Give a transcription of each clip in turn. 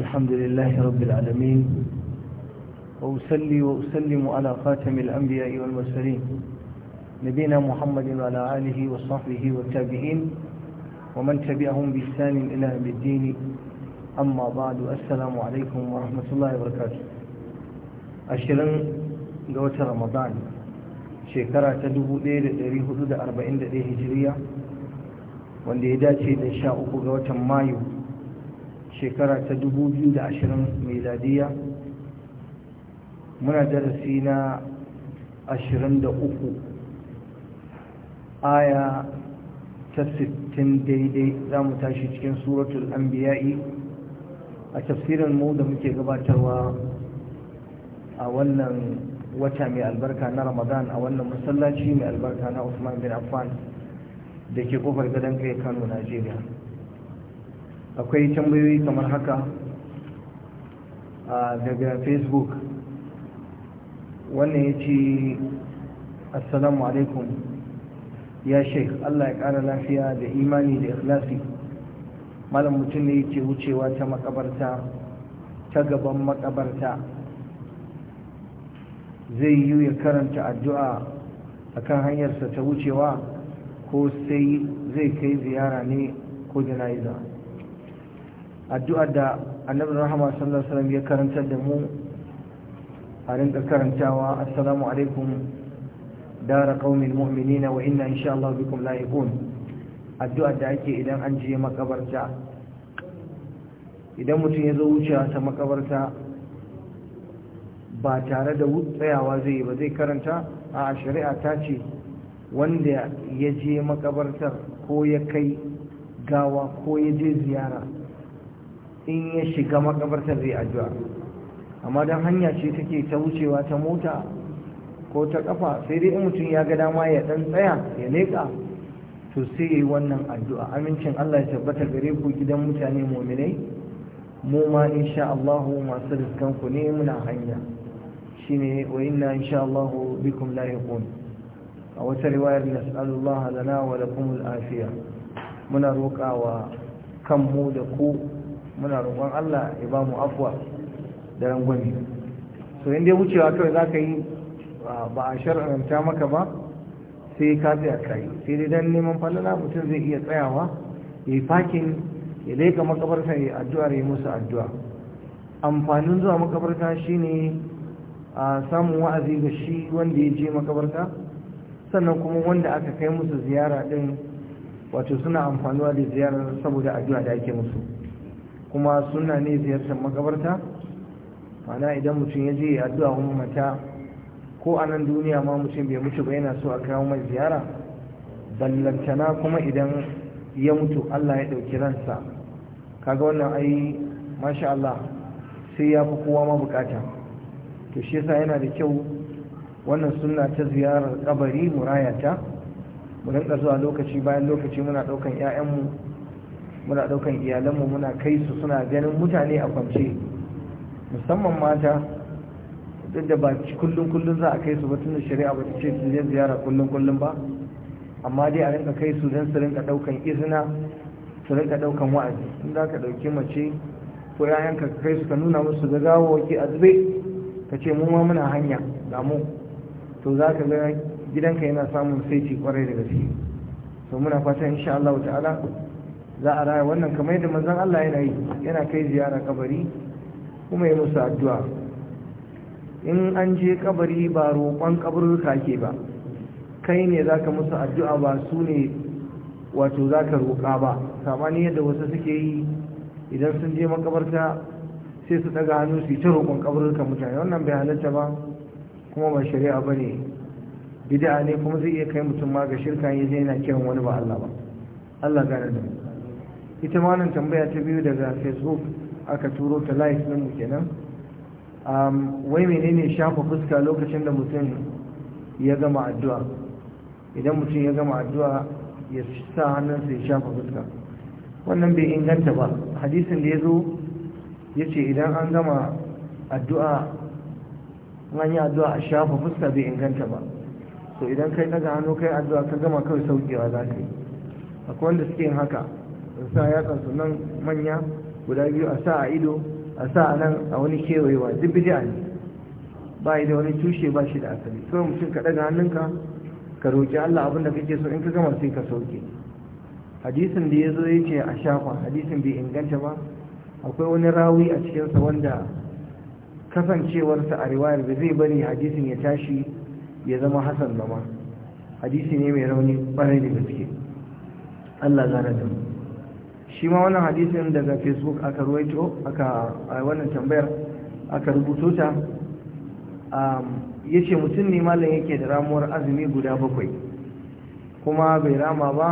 الحمد لله رب العالمين وأسلي وأسلم على خاتم الأنبياء والمرسلين نبينا محمد وعلى آله وصحبه والتابعين ومن تبعهم بإحسان إلى يوم الدين أما بعد السلام عليكم ورحمة الله وبركاته أشرن قوة رمضان شكرا تدبو ليلة لريه حدود أربعين لديه هجرية wanda ya dace da sha uku ga watan mayu shekara ta 2020 miladiya muna darasi na 23 aya ta sittin daidai za mu tashi cikin suratul anbiya'i a tafsirin mu da muke gabatarwa a wannan wata mai albarka na ramadan a wannan masallaci mai albarka na usman bin affan da ke kofar gadon kai kano najeriya akwai tambayoyi kamar haka daga facebook wannan ya ce assalamu alaikum ya sheikh allah ya kara lafiya da imani da ikhlasi malam mutum ne yake wucewa ta makabarta ta gaban makabarta zai yi ya karanta addu'a akan hanyarsa ta wucewa ko sai zai kai ziyara ne ko jana'iza addu'ar da annabin rahama sallallahu alaihi ya karantar da mu a rinka karantawa assalamu alaikum dara qaumin mu'minina wa inna insha Allah bikum la'ikun addu'ar da ake idan an je makabarta idan mutum ya zo wuce ta makabarta ba tare da tsayawa zai yi ba zai karanta a shari'a ta ce wanda ya je makabartar ko ya kai gawa ko ya je ziyara in ya shiga makabartar zai addu'a amma don hanya ce take ta wucewa ta mota ko ta kafa sai dai in mutum ya ga dama ya dan tsaya ya leƙa to sai yi wannan addu'a amincin Allah ya tabbata gare ku gidan mutane muminai mu ma insha Allah masu riskan ku ne muna hanya shine wa inna insha Allah bikum lahiqun a wata riwayar nas'alullaha lana wa lakum al-afiya muna roƙawa kanmu da ku muna roƙon Allah ya ba mu afuwa da rangwani so in dai wucewa kawai za ka yi ba a shar'anta maka ba sai ka tsaya kai sai dai dan neman falala mutum zai iya tsayawa ya yi fakin ya leka makabarta ya addu'a ya musu addu'a amfanin zuwa makabarta shine a samun wa'azi ga shi wanda ya je makabarta sannan kuma wanda aka kai musu ziyara din wato suna amfanuwa da ziyarar saboda addu'a da ake musu kuma suna ne ziyartar makabarta mana idan mutum ya je ya addu'a wa mata ko a nan duniya ma mutum bai mutu ba yana so a kawo mai ziyara ballantana kuma idan ya mutu Allah ya ɗauki ransa kaga wannan ai masha Allah sai ya fi kowa ma bukata to shi yasa yana da kyau wannan suna ta ziyarar kabari murayata mu rinka zuwa lokaci bayan lokaci muna ɗaukan 'ya'yanmu muna ɗaukan mu muna kai su suna ganin mutane a kwance musamman mata duk da ba kullum kullum za a kai su batun da shari'a ba ce su je ziyara kullum kullum ba amma dai a rinka kai su don su rinka ɗaukan izina su rinka ɗaukan wa'azi in za ka ɗauki mace ko yayanka ka kai su ka nuna musu ga gawawaki a zube ka ce mu ma muna hanya ga mu to za ka ga gidanka yana samun saiti kwarai da gaske to muna fata insha Allah ta'ala za a raya wannan kamar yadda mazan Allah yana yi yana kai ziyara kabari kuma ya musu addu'a in an je kabari ba roƙon kaburruka ke ba kai ne za ka musu addu'a ba su ne wato za ka roƙa ba samani yadda wasu suke yi idan sun je makabarta sai su daga hannu su yi ta roƙon kaburrukan mutane wannan bai halatta ba kuma ba shari'a ba ne bid'a ne kuma zai iya kai mutum ma ga shirka yin yana kiran wani ba Allah ba Allah gane da mu ita ma wannan tambaya ta biyu daga facebook aka turo ta live na mu kenan um, wai menene shafa fuska lokacin da mutum ya gama addu'a idan mutum ya gama addu'a ya sa hannunsa ya shafa fuska wannan bai inganta ba hadisin da ya zo ya ce idan an gama addu'a an yi addu'a a shafa fuska bai inganta ba so idan kai daga hannu kai addu'a ka gama kawai saukewa za ka yi akwai wanda suke yin haka in sa yatsansu nan manya guda biyu a sa a ido a sa a nan a wani kewayewa duk bidiya ne ba yi da wani tushe ba shi da asali so mutum ka daga hannunka ka roƙi Allah abinda kake so in ka gama sai ka sauke hadisin da ya zo ya ce a shafa hadisin bai inganta ba akwai wani rawi a cikinsa wanda kasancewarsa a riwayar ba zai bari hadisin ya tashi ya zama hasan ba ma hadisi ne mai rauni ɓarai da gaske Allah zara da mu shi ma wannan hadisin daga facebook aka ruwaito aka wannan tambayar aka rubuto ta ya ce mutum ne malam yake da ramuwar azumi guda bakwai kuma bai rama ba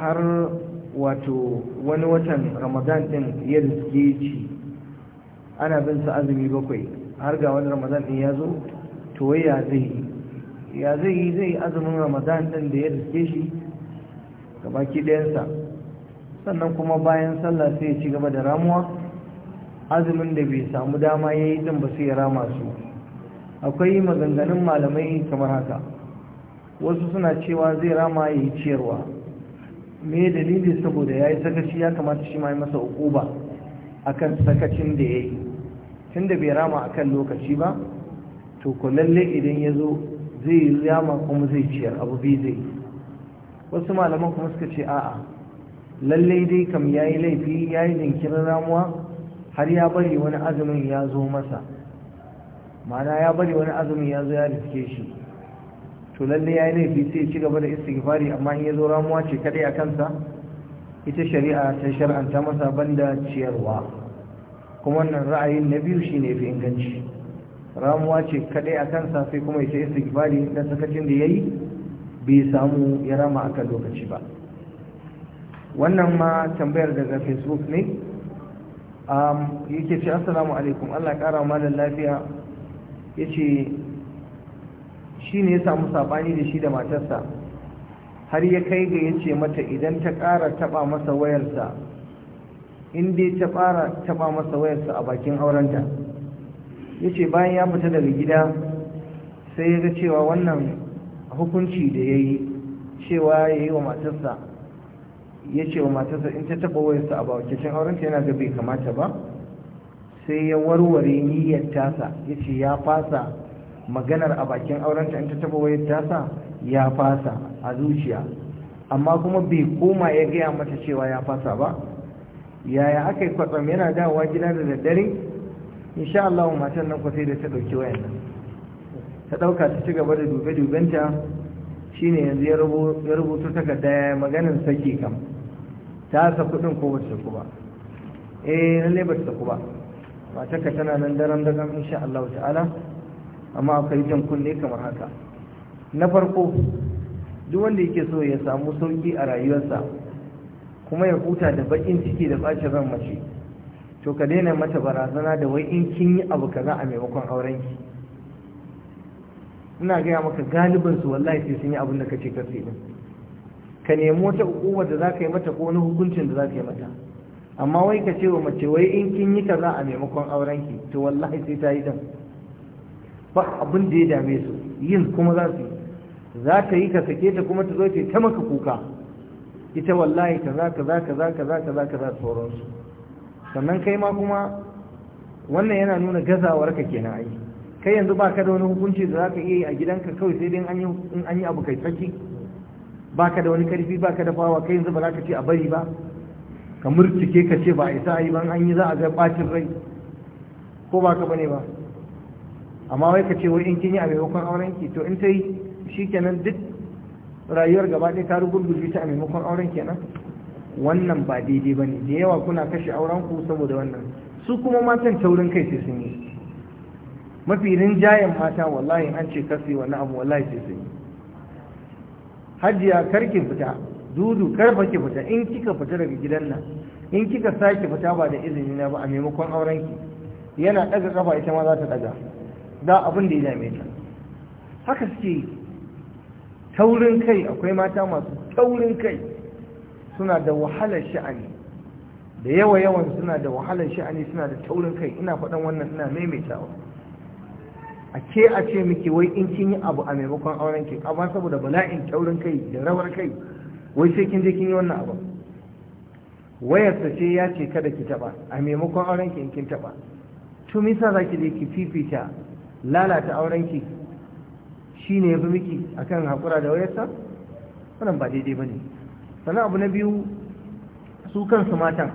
har wato wani watan ramadan din ya riske ci ana bin sa azumi bakwai har ga wani ramadan din ya zo to ya zai yi ya zai yi zai azumin ramadan din da ya riske shi ga baki ɗayansa sannan kuma bayan sallah sai ya ci gaba da ramuwa azumin da bai samu dama ya yi ba sai ya rama su akwai maganganun malamai kamar haka wasu suna cewa zai rama ya yi ciyarwa me dalili saboda ya yi sakaci ya kamata shi ma yi masa ukuba akan sakacin da ya yi tun da bai rama a kan lokaci ba to ko lalle idan ya zo zai yi rama kuma zai ciyar abu biyu zai wasu malaman kuma suka ce a'a lallai dai kam ya yi laifi ya yi jinkirin ramuwa har ya bari wani azumin ya zo masa mana ya bari wani azumin ya zo ya riske shi to lallai ya yi laifi sai ci gaba da istighfari amma in ya zo ramuwa ce kadai a kansa ita shari'a ta shar'anta masa banda ciyarwa kuma wannan ra'ayin na biyu shi ne fi inganci ramuwa ce kadai a kansa sai kuma ita istighfari da sakacin da ya yi? bai samu ya rama lokaci ba wannan ma tambayar daga facebook ne yake ce assalamu alaikum allah kara malam lafiya ya ce shi ne ya samu sabani da shi da matarsa har ya kai ga ya ce mata idan ta kara taba masa wayarsa in dai ta fara taba masa wayarsa a bakin aurenta ya ce bayan ya fita daga gida sai ya ga cewa wannan hukunci da ya yi cewa ya yi wa matarsa ya ce wa matarsa in ta taba wayarsa a bawakacin aurenta yana ga bai kamata ba sai ya warware niyyar tasa ya ce ya fasa maganar a bakin aurenta in ta taba wayar tasa ya fasa a zuciya amma kuma bai koma ya gaya mata cewa ya fasa ba yaya aka yi kwatsam yana dawowa gida da daddare sha Allah matan nan kwasai da ta ɗauki wayan nan ta ɗauka ta ci gaba da dube-dubenta shine yanzu ya rubuta takarda ya maganin sake kam ta sa kudin ko ba ku ba eh lalle ba ku ba matarka tana nan daren dagan insha Allah ta'ala amma akwai jan kunne kamar haka na farko duk wanda yake so ya samu sauki a rayuwarsa kuma ya huta da bakin ciki da bacin ran mace to ka daina mata barazana da wai in kin yi abu kaza a maimakon aurenki ina gaya maka galibin su wallahi sai sun yi abin da kace kace din ka nemi wata hukumar da za ka yi mata ko wani hukuncin da za ka yi mata amma wai ka ce wa mace wai in kin yi kaza a maimakon aurenki to wallahi sai ta yi dan ba abin da ya dame su yin kuma za su za ta yi ka sake ta kuma ta zo ta ta maka kuka ita wallahi ka ka, ka, za za za ka, za ka, za ka za sauransu sannan kai ma kuma wannan yana nuna gazawar ka kenan ai kai yanzu ba ka da wani hukunci da za ka iya yi a gidanka kawai sai dai in an yi abu kai saki baka da wani karfi baka da fawa kai yanzu ba za ka ce a bari ba ka murtike ka ce ba a isa a yi ban an yi za a ga bacin rai ko ba ka bane ba amma wai ka ce wai in kin yi a maimakon auren ki to in ta yi shi kenan duk rayuwar gaba ɗaya ta rugurgurje ta a maimakon auren kenan wannan ba daidai ba ne da yawa kuna kashe auren ku saboda wannan su kuma matan taurin kai sai sun yi mafi rinjayen mata wallahi an ce kasi wani abu wallahi sai sun yi hajiya karki fita dudu karfa ki fita in kika fita daga gidan nan in kika sake fita ba da izini na ba a maimakon auren ki yana daga kafa ita ma za ta daga da abin da ya dame ta haka suke taurin kai akwai mata masu taurin kai suna da wahalar sha'ani da yawa yawan suna da wahalar sha'ani suna da taurin kai ina faɗan wannan ina maimaitawa a ce a ce miki wai in kin yi abu a maimakon auren ki amma saboda bala'in taurin kai da rawar kai wai sai kin je kin yi wannan abu wayarsa ce ya ce kada ki taba a maimakon auren ki in kin taba to me yasa zaki je ki fifita lalata auren ki shine yafi miki akan hakura da wayarsa wannan ba daidai bane sannan abu na biyu su kansu matan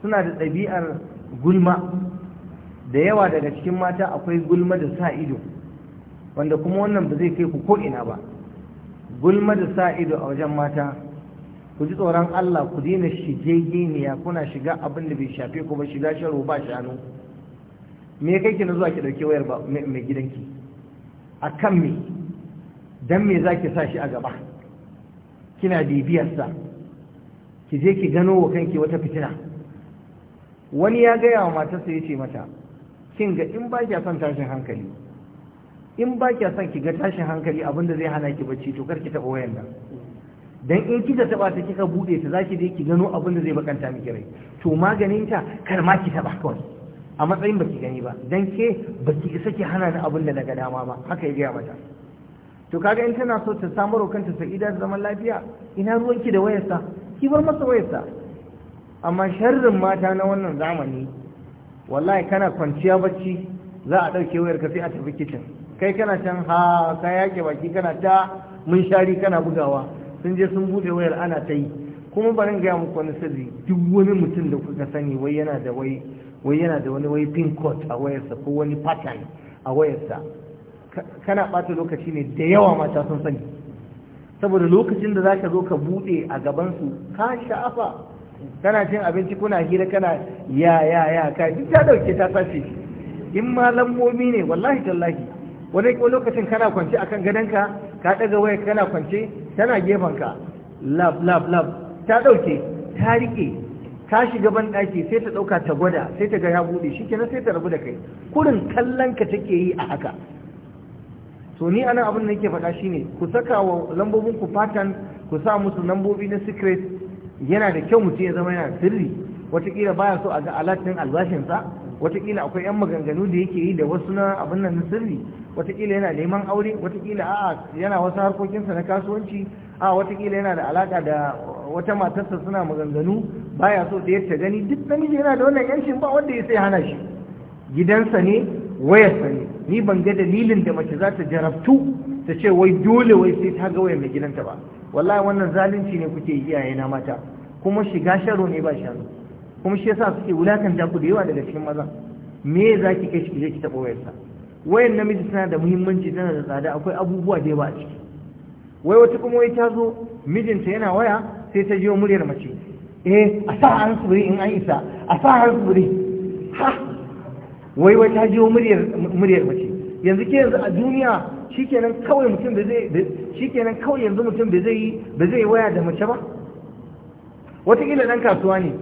suna da ɗabi'ar gulma da yawa daga cikin mata akwai gulma da sa ido wanda kuma wannan ba zai kai ku ko'ina ba gulma da sa ido a wajen mata ku ji tsoron Allah ku daina ya kuna shiga abin da bai shafe ku ba shiga sharo ba shanu me kai ki na zuwa ki dauke wayar ba mai gidanki akan me dan me zaki sa shi a gaba kina bibiyar sa ki je ki gano wa kanki wata fitina wani ya gaya wa matarsa ya ce mata kin ga in ba kya son tashin hankali in ba kya son ki ga tashin hankali abinda zai hana ki bacci to karki taɓa wayan nan dan in kika taba ta kika buɗe ta zaki dai ki gano abinda zai bakanta miki rai to maganin ta kar ma ki taɓa kawai a matsayin baki gani ba dan ke baki isa ki hana ni abin da daga dama ba haka ya gaya mata to kaga in tana so ta samar kanta sa'ida da zaman lafiya ina ruwanki da wayarsa ki bar masa wayarsa amma sharrin mata na wannan zamani wallahi kana kwanciya bacci za a ɗauke wayar ka sai a tafi kicin kai kana can ha ka yake baki kana ta mun shari kana bugawa sun je sun bude wayar ana ta yi kuma barin gaya muku wani sirri duk wani mutum da kuka sani wai yana da wai wai yana da wani wai pin code a wayarsa ko wani pattern a wayarsa kana ɓata lokaci ne da yawa mata sun sani saboda lokacin da zaka zo ka bude a gaban su ka sha'afa kana cin abinci kuna hira kana ya ya ya ka duk ta dauke ta sace in ma lambobi ne wallahi tallahi wani lokacin kana kwance akan gadonka ka daga waya kana kwance tana ka lab lab lab ta dauke ta rike ta shiga ban daki sai ta dauka ta gwada sai ta ga ya bude shikenan sai ta rabu da kai kurin kallon ka take yi a haka to ni anan abin da nake faɗa shine ku saka wa lambobin ku fatan ku sa musu lambobi na secret yana da kyau mutum ya zama yana sirri watakila baya so a ga alatin albashinsa watakila akwai yan maganganu da yake yi da wasu na abin nan na sirri watakila yana neman aure watakila a'a yana wasu harkokinsa na kasuwanci a watakila yana da alaka da wata matarsa suna maganganu baya so da ta gani duk namiji yana da wannan yancin ba wanda ya sai hana shi gidansa ne wayarsa ne ni ban ga dalilin da mace za ta jarabtu ta ce wai dole wai sai ta ga wayar mai gidanta ba wallahi wannan zalunci ne kuke iyaye na mata kuma shiga sharo ne ba sharo kuma shi yasa suke da ku da yawa daga cikin maza me za ki kai shi ki taɓa wayarsa wayan namiji tana da muhimmanci tana da tsada akwai abubuwa da yawa a ciki wai wata kuma wai ta zo mijinta yana waya sai ta jiyo muryar mace eh a sa an suri in an isa a sa an suri ha wai wai ta jiyo muryar muryar mace yanzu ke yanzu a duniya shikenan kawai mutum da zai shikenan kawai yanzu mutum da zai da zai waya da mace ba wataƙila ɗan kasuwa ne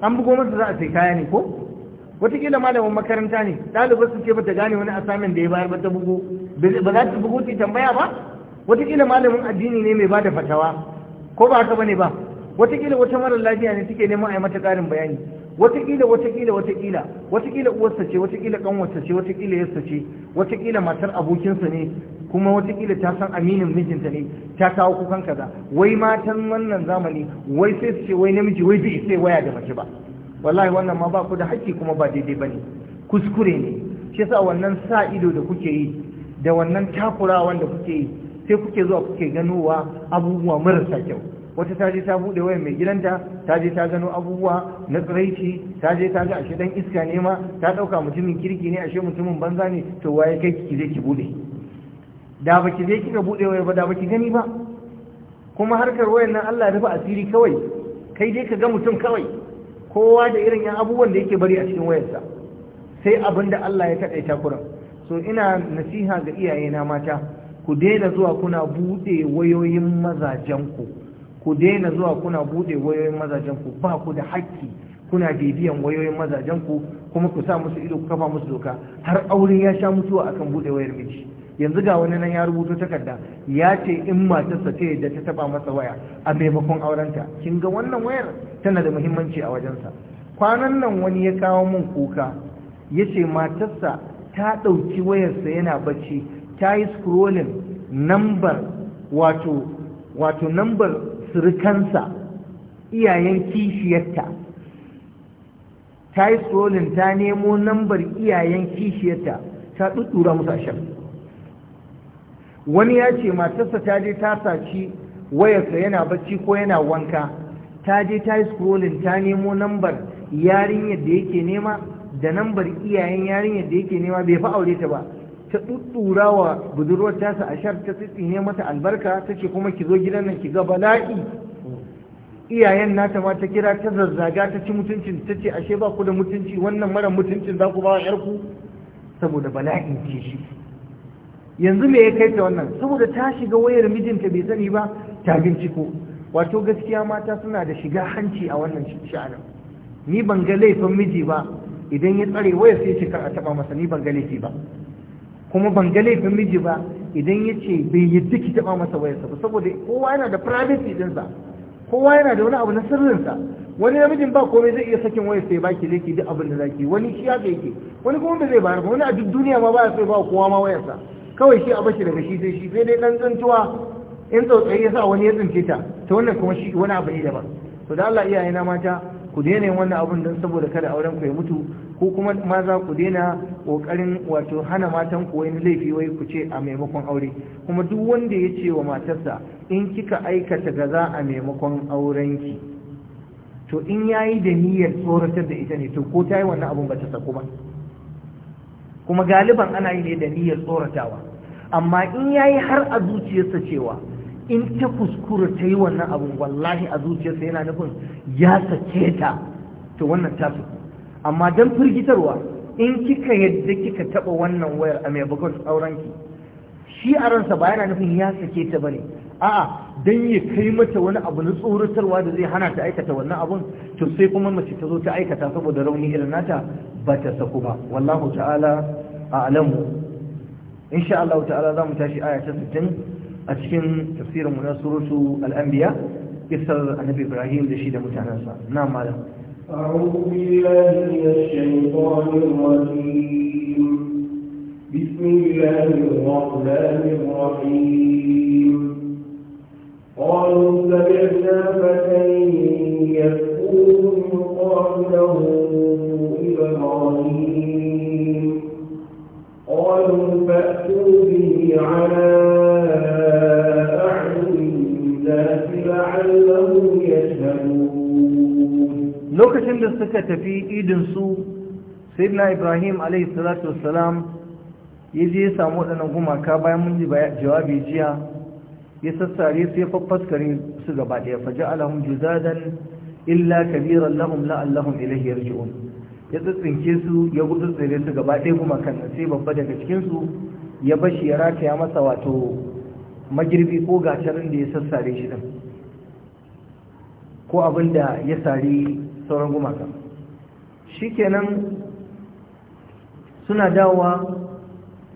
an bugo masa za a sai kaya ne ko wataƙila malamin makaranta ne ɗalibar su ce bata gane wani asamin da ya bayar ba ta bugo ba za ta bugo ta tambaya ba wataƙila malamin addini ne mai bada fatawa ko ba haka bane ba wataƙila wata marar lafiya ne take neman a yi mata ƙarin bayani watakila watakila watakila watakila uwarsa ce watakila kanwarsa ce watakila yarsa ce watakila matar abokinsa ne kuma watakila ta san aminin mijinta ne ta kawo kukan kaza wai matan wannan zamani wai sai su ce wai namiji wai bi sai waya da mace ba wallahi wannan ma ba ku da haƙƙi kuma ba daidai ba ne kuskure ne shi yasa wannan sa ido da kuke yi da wannan takurawa da kuke yi sai kuke zuwa kuke ganowa abubuwa marasa kyau wata ta je ta buɗe wayar mai gidanta ta je ta gano abubuwa na tsiraici ta je ta ga ashe dan iska ne ma ta ɗauka mutumin kirki ne ashe mutumin banza ne to waye kai ki je ki buɗe? da ba ki zai kika buɗe waya ba da ba ki gani ba kuma harkar wayan nan Allah ya rufe asiri kawai kai dai ka ga mutum kawai kowa da irin yan abubuwan da yake bari a cikin wayarsa sai abin da Allah ya takaita kuran so ina nasiha ga iyayena mata ku daina zuwa kuna buɗe wayoyin mazajen ku ku daina zuwa kuna buɗe wayoyin mazajen ku ba ku da haƙƙi kuna bibiyan wayoyin mazajen ku kuma ku sa musu ido ku kafa musu doka har aure ya sha mutuwa akan buɗe wayar miji yanzu ga wani nan ya rubuta takarda ya ce in matarsa ce da ta taba masa waya a maimakon aurenta kin ga wannan wayar tana da muhimmanci a wajensa kwanan nan wani ya kawo min kuka ya ce matarsa ta ɗauki wayarsa yana bacci ta yi scrolling nambar wato wato nambar surukansa iyayen kishiyarta ta yi scrolling ta nemo nambar iyayen kishiyarta ta ɗuɗɗura musu a wani ya ce matarsa ta je ta saci wayarsa yana bacci ko yana wanka ta je ta yi scrolling ta nemo lambar yarinyar da yake nema da nambar iyayen yarinyar da yake nema bai fi aure ta ba ta tuttura wa budurwar tasa a shar ta ne mata albarka ta ce kuma ki zo gidan nan ki ga bala'i iyayen nata ma ta kira ta zazzaga ta ci mutuncin ta ce ashe ba ku da mutunci wannan mara mutuncin za ku ba wa yarku saboda bala'in ce shi yanzu me ya kai ta wannan saboda ta shiga wayar mijinta bai sani ba ta binciko wato gaskiya mata suna da shiga hanci a wannan sha'anin ni ban ga laifin miji ba idan ya tsare waya sai ce kar a taba masa ni ban ga laifi ba kuma ban ga laifin miji ba idan ya ce bai yadda ki taba masa wayarsa ba saboda kowa yana da privacy dinsa kowa yana da wani abu na sirrinsa wani namijin ba komai zai iya sakin wayar sai baki laifi duk abin da zaki wani shi ya yake wani kuma ba zai bayar ba wani a duk duniya ma ba ya so ba kowa ma wayarsa kawai shi a bashi daga shi sai shi sai dai dan tsuntuwa in tsautsayi ya sa wani ya tsince ta ta wannan kuma shi wani abu ne daban to da Allah iyaye na mata ku daina yin wannan abun don saboda kada auren ku ya mutu ko kuma maza ku daina kokarin wato hana matan ku wani laifi wai ku ce a maimakon aure kuma duk wanda ya ce wa matarsa in kika aikata gaza a maimakon aurenki to in yayi da niyyar tsoratar da ita ne to ko ta yi wannan abun ba ta sako ba kuma galiban ana yi ne da niyyar tsoratawa amma in ya yi har a zuciyarsa cewa in ta kuskura ta yi wannan abin wallahi a zuciyarsa yana nufin ya sake ta to wannan ta amma don firgitarwa in kika yadda kika taba wannan wayar a maimakon tsauranki shi a ransa ba yana nufin ya sake ta bane a'a dan ya kai mata wani abu na tsoratarwa da zai hana ta aikata wannan abun to sai kuma mace ta zo ta aikata saboda rauni irin nata ba ta saku ba wallahu ta'ala a'lamu إن شاء الله تعالى ذا متاشي آية ستن أتكن تفسير من سورة الأنبياء يفسر النبي إبراهيم لشيدة متعناسا نعم ماذا أعوذ بالله من الشيطان الرجيم بسم الله الرحمن الرحيم قالوا سمعنا فتى يذكرهم يقال له إبراهيم قالوا فأتوا به على أعين su لعلهم يشهدون لو كشن لسكة في إيدن سوء سيدنا إبراهيم yaje ya samu waɗannan gumaka bayan mun jawabi jiya ya sassare su ya faffaskare su gaba ɗaya faja alahum judadan illa kabiran lahum la'allahum ilaihi ya tsintsinke su ya gutsutsure su gaba ɗaya kuma kan sai babba daga cikinsu ya bashi ya rata, ya masa wato magirbi ko gacarin da ya sassare shi ɗin ko abin da ya sari sauran gumaka shikenan suna dawowa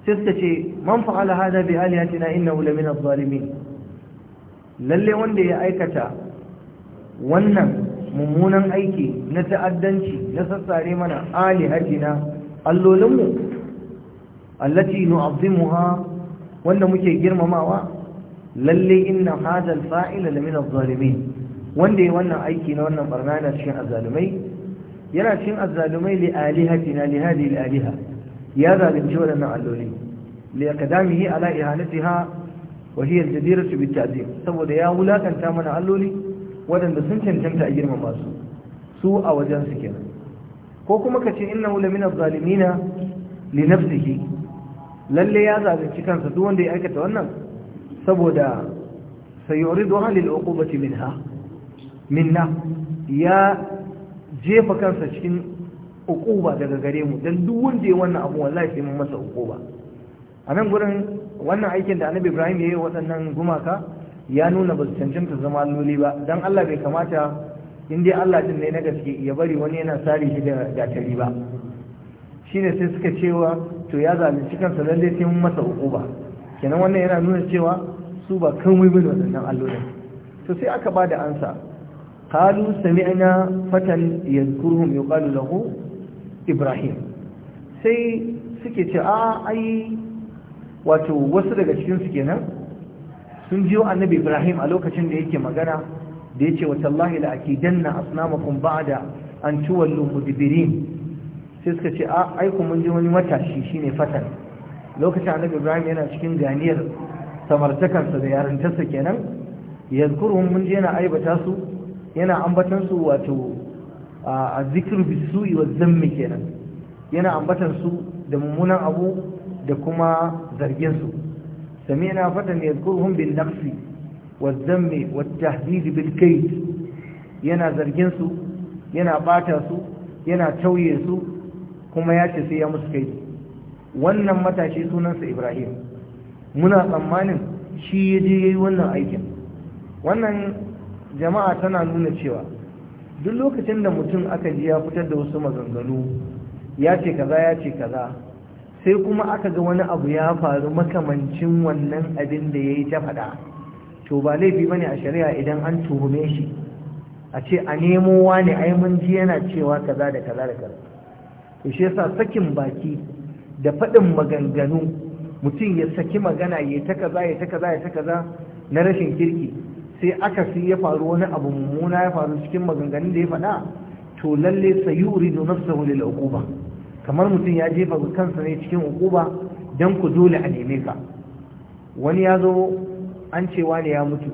sai suka ce man fa'ala hada bi alihatina innahu lamina adh lalle wanda ya aikata wannan mummunan aiki na ta'addanci na sassare mana alihatina allolinmu allati ha wanda muke girmamawa lalle inna hadal fa'ila lamin az-zalimin wanda yi wannan aiki na wannan barna yana cikin azalumai. yana cikin azzalumai li alihatina li hadhihi al-aliha ya zalunci wadannan alloli li qadamihi ala ihanatiha wa hiya al su bi tadib saboda ya wulakanta mana alloli waɗanda sun cancanta a girmama su su a wajen su kenan ko kuma ka ce innahu lamina zalimina li nafsihi lalle ya zalunci kansa duk wanda ya aikata wannan saboda sayuriduha lil uqubati minha minna ya jefa kansa cikin uquba daga gare mu dan duk wanda ya wannan abu wallahi sai mun masa uquba a nan gurin wannan aikin da annabi ibrahim ya yi waɗannan gumaka ya nuna ba su cancanta zama alloli ba don Allah bai kamata Inda dai Allah din ne na gaske ya bari wani yana sari shi da gatari ba Shi ne sai suka cewa to ya zalunci kansa lallai sai mun masa ba. kenan wannan yana nuna cewa su ba wai bane wadannan allolin to sai aka ba da ansa qalu sami'na fatan yadhkuruhum yuqalu lahu ibrahim sai suke ce a ai wato wasu daga cikin su kenan sun jiyo annabi ibrahim a lokacin da yake magana da yace wa a la akidanna ba da an tuwallu dibirin sai suka ce a mun ji wani matashi shi ne fatan lokacin annabi ibrahim yana cikin ganiyar samartakarsa da yarantarsa kenan yadkuruhum mun ji yana aibata su yana ambatan wato a zikir yi wa zammi kenan yana ambatan su da mummunan abu da kuma zargin su سمعنا فتى يذكرهم بالنقص والذم والتهديد بالكيد yana zargin su yana bata su yana tauye su kuma ya ce sai ya musu kai wannan matashi sunansa Ibrahim muna tsammanin shi ya je yayi wannan aikin wannan jama'a tana nuna cewa duk lokacin da mutum aka ji ya fitar da wasu maganganu ya ce kaza ya ce kaza sai kuma aka ga wani abu ya faru makamancin wannan abin da ya yi ta faɗa to ba laifi bane a shari'a idan an tuhume shi a ce a nemo wani ai mun ji yana cewa kaza da kaza da kaza to shi yasa sakin baki da faɗin maganganu mutum ya saki magana ya ta kaza ya ta kaza ya ta kaza na rashin kirki sai aka sai ya faru wani abu mummuna ya faru cikin maganganun da ya faɗa to lalle sayuri da nafsahu lil uquba kamar mutum ya jefa kansa ne cikin ukuba don ku dole a neme ka wani ya zo an cewa ne ya mutu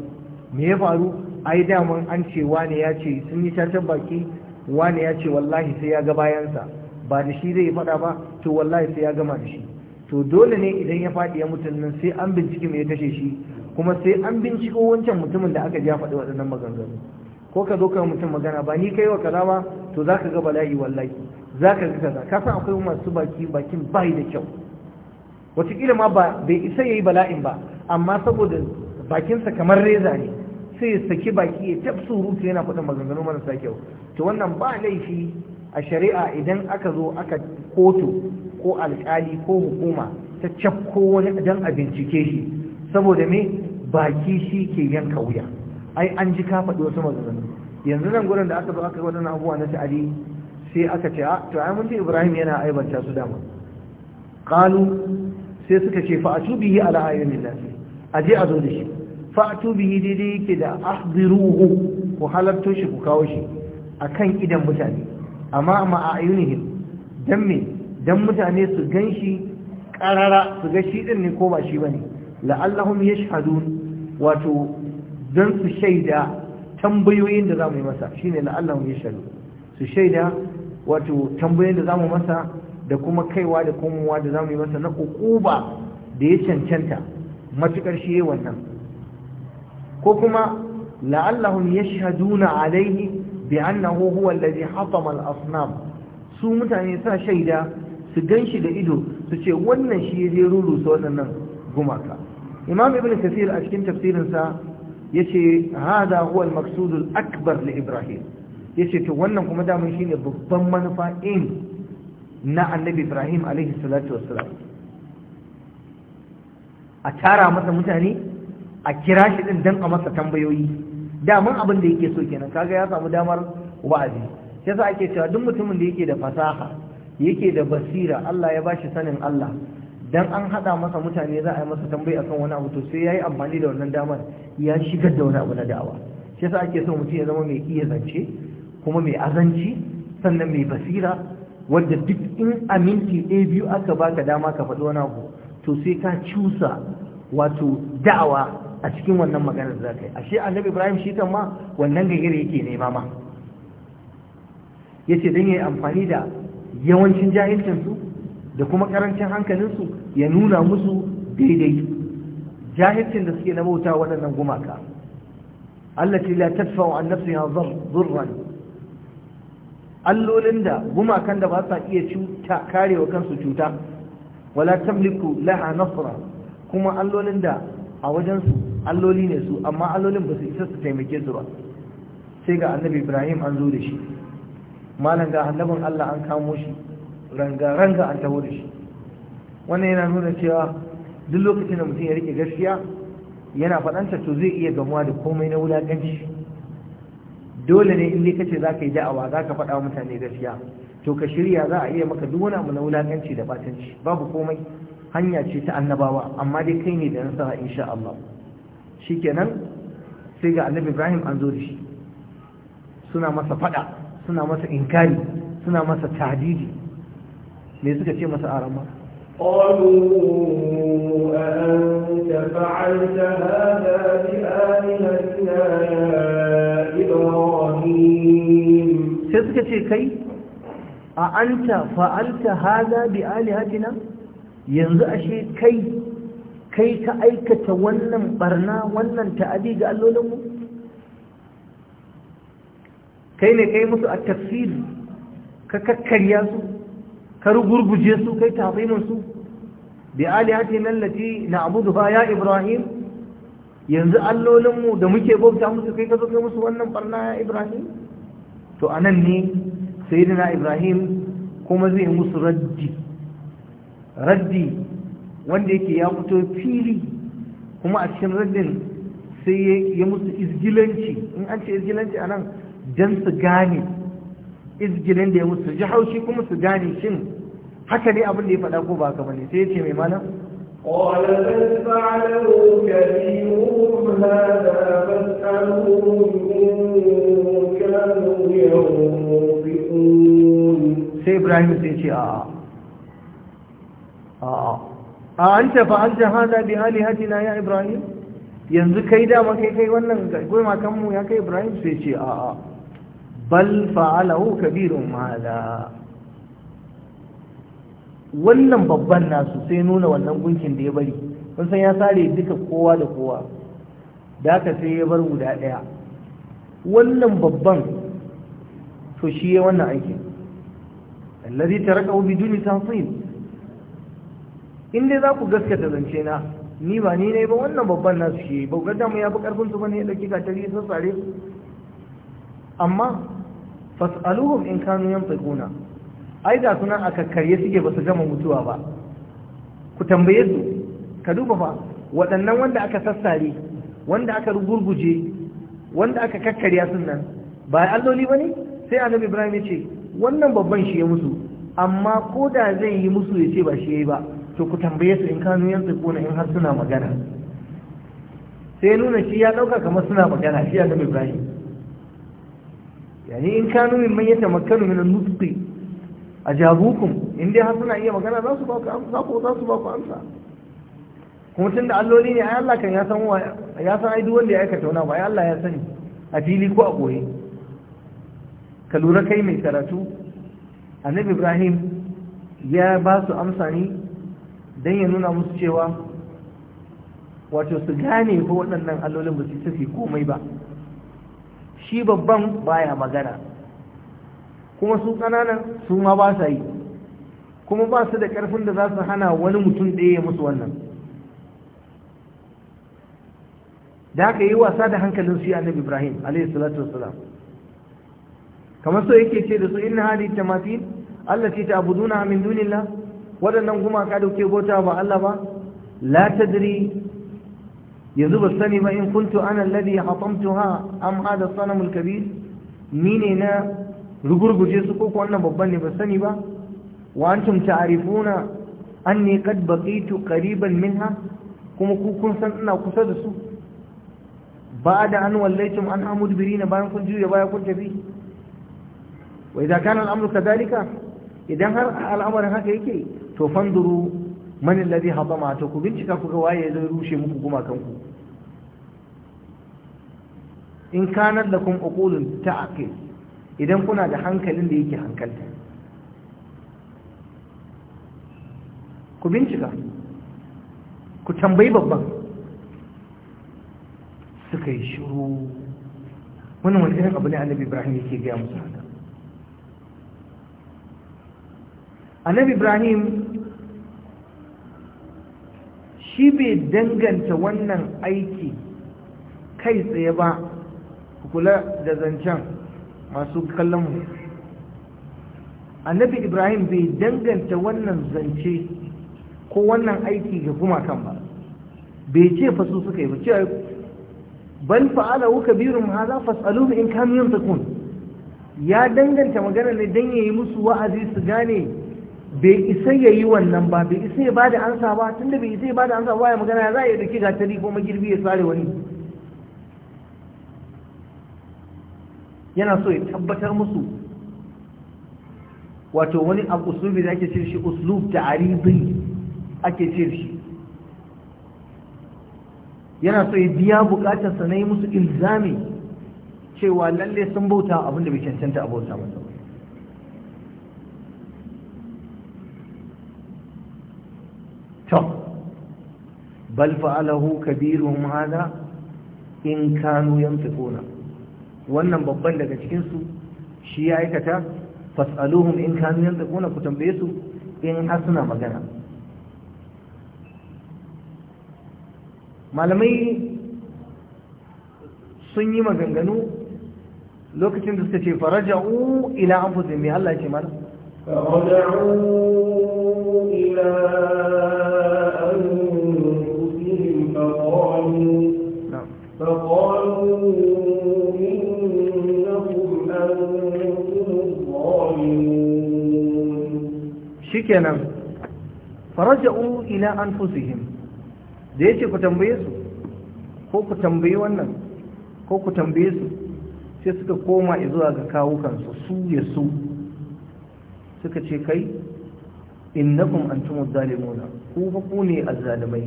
me ya faru ai daman an cewa ne ya ce sun yi cancan baki wani ya ce wallahi sai ya ga bayansa ba da shi zai faɗa ba to wallahi sai ya gama da shi to dole ne idan ya faɗi ya mutum nan sai an bincike mai ya shi kuma sai an binciko wancan mutumin da aka ja faɗi waɗannan maganganu ko ka zo ka mutum magana ba ni kai wa kaza ba to za ka ga bala'i wallahi za ka ga ka kasan akwai masu baki bakin bai da kyau wataƙila ma ba bai isa ya yi bala'in ba amma saboda bakinsa kamar reza ne sai ya saki baki ya tab surutu yana faɗin maganganu marasa kyau to wannan ba laifi a shari'a idan aka zo aka kotu ko alƙali ko hukuma ta cafko wani dan a bincike shi saboda me baki shi ke yanka wuya ai an ji ka faɗi wasu maganganu yanzu nan gurin da aka zo aka yi waɗannan abubuwa na ta'adi sai aka ce to ai ibrahim yana aibanta su dama qalu sai suka ce fa atubihi ala ayyunin nas aje a zo da shi fa atubihi daidai yake da ahdiruhu ku halarto shi ku kawo shi akan idan mutane amma ma a me don mutane su ganshi karara su ga shi din ne ko ba shi bane la'allahum yashhadun wato don su shaida tambayoyin da za mu yi masa shine la'allahum yashhadun su shaida wato tambayoyin da zamu masa da kuma kaiwa da komowa da zamu yi masa na ukuba da ya cancanta matukar shi yayin wannan ko kuma la'allahum yashhaduna alaihi bi annahu huwa alladhi hatama al-asnam su mutane sa shaida su ganshi da ido su ce wannan shi ya je rurusa waɗannan gumaka imam ibn kasir a cikin tafsirinsa yace hada huwa al-maqsud al-akbar li ibrahim ya ce to wannan kuma shi shine babban manufa in na annabi Ibrahim alaihi salatu a tara masa mutane a kira shi din dan a masa tambayoyi daman abin da yake so kenan kaga ya samu damar wa'azi sai sa ake cewa duk mutumin da yake da fasaha yake da basira Allah ya bashi sanin Allah dan an hada masa mutane za a yi masa tambayi akan wani abu to sai yayi amfani da wannan damar ya shigar da wani abu na da'awa shi yasa ake so mutum ya zama mai iya zance kuma mai azanci sannan mai basira wadda duk in aminti ɗaya biyu aka baka dama ka faɗi wani abu to sai ka cusa wato da'awa a cikin wannan maganar za ka yi ashe annabi ibrahim shi kan ma wannan gayyar yake nema ma ya ce don ya yi amfani da yawancin jahilcinsu da kuma karancin hankalinsu ya nuna musu daidai jahilcin da suke na bauta waɗannan gumaka Allah ce la tadfa'u an nafsiha dhurran allolin da gumakan da ba sa iya cuta karewa kansu cuta wala tamliku laha nasra kuma allolin da a wajensu alloli ne su amma allolin ba su isa su taimake su ba sai ga annabi ibrahim an zo da shi malam ga annabin allah an kamo shi ranga-ranga an taho da shi wannan yana nuna cewa duk lokacin da mutum ya rike gaskiya yana faɗanta to zai iya gamuwa da komai na wulaƙanci dole ne in ka ce za ka yi da'awa za ka faɗa mutane gaskiya to ka shirya za a iya maka duk wani abu na wulaƙanci da batanci babu komai hanya ce ta annabawa amma dai kai ne da nasara insha Allah shikenan sai ga annabi Ibrahim an zo da shi suna masa faɗa suna masa inkari suna masa tadidi me suka ce masa ramar قالوا أأنت فعلت هذا بآلهتنا يا إبراهيم صدق كي أأنت فعلت هذا بآلهتنا ينزع شيء كي كي كأيك تونم برنا ونن تأدي قال له كي نكي التفسير ككك كرياسو Kar gurguje su kai tazimin su bi na allati na'buduha ya ibrahim yanzu allolinmu da muke bauta musu kai ka zo kai musu wannan barna ya ibrahim to anan ne sayyidina ibrahim kuma zai musu raddi raddi wanda yake ya fito fili kuma a cikin raddin sai ya musu izgilanci in an ce izgilanci anan dan su gane izgirin da ya musu ji haushi kuma su gane shin haka ne abin da ya faɗa ko ba haka bane sai ya ce mai malam قال بل فعله كثيرهم هذا sai إن كانوا ينطقون سي إبراهيم سيشي آه آه أنت فعلت هذا بآلهتنا يا Ibrahim. yanzu kai dama kai kai wannan goyi makanmu ya kai ibrahim sai ce a'a bal fa'alahu kabirun mala wannan babban nasu sai nuna wannan gunkin da ya bari kun san ya sare duka kowa da kowa da aka sai ya bar guda ɗaya wannan babban to shi ya wannan aikin allazi tarakahu biduni tansil in dai za ku gaskata zance na ni ba ni ne ba wannan babban nasu shi ba gaddamu ya fi karfin su bane ya dauki gatari sun sare su amma fas'aluhum in kanu yanfiquna ai da suna a kakkarye suke basu gama mutuwa ba ku tambaye su ka duba fa waɗannan wanda aka sassare wanda aka rugurguje wanda aka kakkarya sun nan ba alloli bane sai annabi Ibrahim ya ce wannan babban shi ya musu amma ko da zai yi musu ya ce ba shi ya yi ba to ku tambaye su in kanu yanzu in har suna magana sai nuna shi ya ɗauka kamar suna magana shi annabi ibrahim yani in kanu min man yatamakkanu min an-nutqi ajabukum in dai har suna iya magana za su ba ku amsa ko za su ba ku amsa kuma tunda alloli ne ai Allah kan ya san ya san ai duk wanda ya aikata wani ba ai Allah ya sani a fili ko a koye ka lura kai mai karatu annabi Ibrahim ya ba su amsa ne dan ya nuna musu cewa wato su gane ko waɗannan allolin ba su tafi komai ba shi babban baya magana kuma su kanana su ma ba sa yi kuma ba su da karfin da za su hana wani mutum ɗaya ya musu wannan da haka yi wasa da hankalin su Nabi ibrahim alayhi salatu wassalam kamar so yake ce da su inna hadi tamathil allati ta'buduna min dunillah wadannan gumaka da kuke bauta ba Allah ba la tadri yanzu ba sani ba in kuntu ana alladhi hatamtuha am hada sanamul kabir ni ne na rugurguje su ko ko babban ne ba sani ba wa antum ta'rifuna anni qad baqitu qariban minha kuma ku kun san ina kusa da su ba'da an wallaitum an amudbirina bayan kun juya baya kun tafi wa idza kana al-amru idan har a al'amarin haka yake to fanduru man alladhi hatama to ku bincika ku ga waye zai rushe muku gumakan ku in kanar da kun uqulun ta'qil idan kuna da hankalin da yake hankalta ku bincika ku tambayi babban suka yi shiru wannan wani irin abu ne annabi ibrahim yake gaya musu haka annabi ibrahim shi bai danganta wannan aiki kai tsaye ba kula da zancen masu kallonmu annabi ibrahim bai danganta wannan zance ko wannan aiki ga gumakan ba bai ce su suka yi ba ce bal fa'ala wuka za fa fasalu in kam kun? ya danganta magana ne dan yi musu wa'azi su gane bai isa ya yi wannan ba bai isa ya bada ansa ba tunda bai isa ya bada ansa ba ya magana ya za a da dake gatari ko magirbi ya sare wani yana so ya tabbatar musu wato wani abu uslubi da ake ce shi uslub ta'aribi ake ce shi yana so ya biya bukatar sa na yi musu ilzami cewa lalle sun bauta abin da bai cancanta a bauta masu to bal fa'alahu kabiruhum hada in kanu kona. wannan babban daga cikinsu shi ya aikata fas'aluhum in kanu kuna ku tambaye su in har suna magana malamai sun yi maganganu lokacin da suka ce faraja'u ila anfusihim me Allah ya ce mana faraja'u ila anfusihim faqalu faqalu shikenan faraja'u ila anfusihim da yace ku tambaye su ko ku tambayi wannan ko ku tambaye su sai suka koma zuwa ga kawukansu su ya su suka ce kai innakum antumud zalimuna ku fa ku ne azzalimai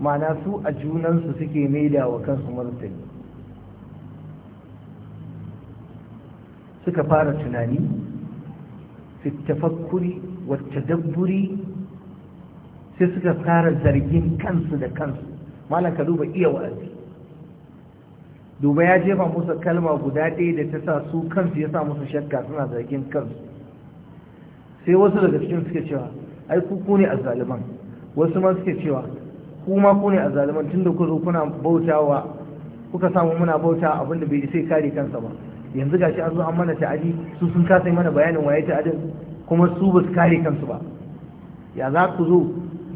ma'ana su a junansu suke maida wa kansu martani suka fara tunani fi tafakkuri wata dabburi sai suka fara zargin kansu da kansu malam ka duba iya wa'azi duba ya jefa musu kalma guda ɗaya da ta sa su kansu ya sa musu shakka suna zargin kansu sai wasu daga cikin suke cewa ai ku ku ne azzaliman wasu ma suke cewa ku ma ku ne azzaliman tunda ku zo kuna bautawa kuka samu muna bauta abin da bai sai kare kansa ba yanzu gashi an zo an mana ta'adi su sun kasa mana bayanin waye ta'adin kuma su ba su kare kansu ba ya za ku zo